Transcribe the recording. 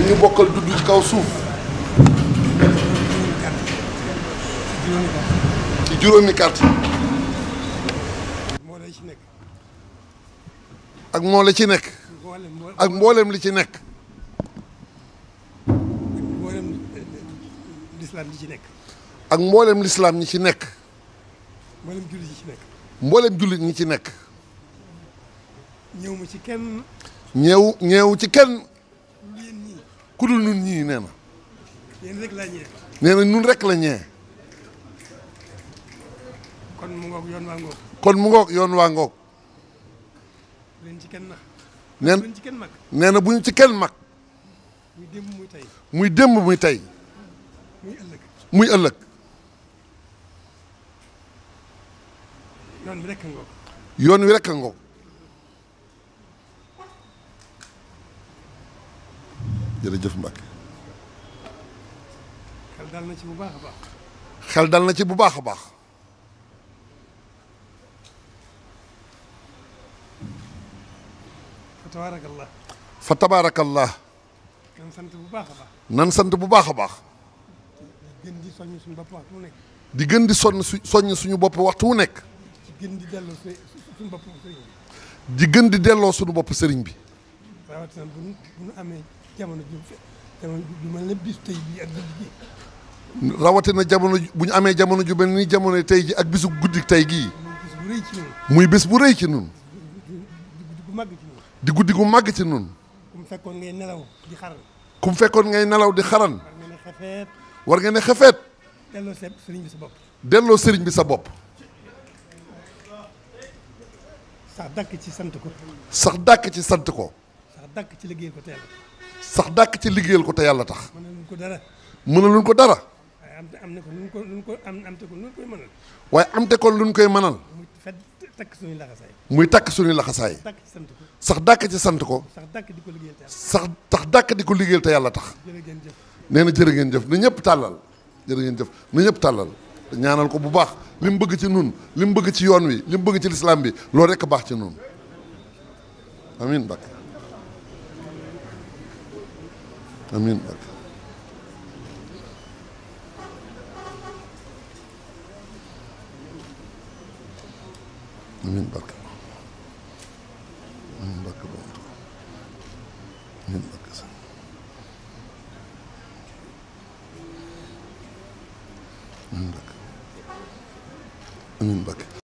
ñu ñu bokkal dudd ci kaw suuf ci juróomi carte ak moo la ci nekk ak mboolem li ci nekk ak mboolem eh, ci nekk mboolem jullit ñi ci nekk mboolem jullit ñi ci nekk ñëw ma ci kenn ñëw ñëw ci kenn ku dul nun ñii nee na nee na nun rek la ñee kon mu ngoog yoon waa ngoog kon yoon waa ngoog leen ci ci kenn mag nee na bu ñu ci kenn mag muy démb muy tey muy tey muy ëllëg muy ëllëg yoon wi rek ngoog yoon wi rek a ngoog jërëjëf Mbacke. xel dal na ci bu baax a baax. xel dal na ci bu baax a baax. fa tabaarakallah. fa tabaarakallah. nan sant bu baax a baax. nan sant bu baax a baax. di gën di soññ suñu bopp waxtu nekk. di gën di sonn su suñu bopp waxtu wu nekk. gën di delloo suñu bopp sëriñ bi. gën di delloo suñu bopp sëriñ bi. bu nu jamono ju jamono ju rawatina jamono bu ñu amee jamono ju mel ni jamono tey ji ak bisu guddi tey gii muy bés bu rëy ci nun di guddi gu màgg ci nun kum fekkoon ngay nelaw di xaran kum fekkoon ngay nelaw di xaran war nga ne xefeet delloo sëriñ bi sa bopp delloo sëriñ bi sa bopp sax dàkk ci sant ko sax dàkk ci sant ko sax ci liggéey sax dàkk ci liggéeyal ko te yàlla tax. mënaluñ ko dara. mënaluñ ko dara. waaye am am na ko luñ ko luñ ko am am te ko koy mënal. waaye am te kon luñ koy mënal. muy takk suñuy laxasaay. muy takk suñuy laxasaay. sax dàkk ci sant ko. sax dàkk di ko liggéeyal te yàlla tax. sax sax di ko liggéeyal te yàlla tax. nee na jërë ngeen jëf na ñëpp tàllal jërë ngeen jëf na ñëpp tàllal ñaanal ko bu baax li mu bëgg ci nun li mu bëgg ci yoon wi li bëgg ci lislaam bi loolu rekk baax ci nun amiin Mbàkke amiin amiin barke amiin barke boobu amiin barke sax amiin barke amiin barke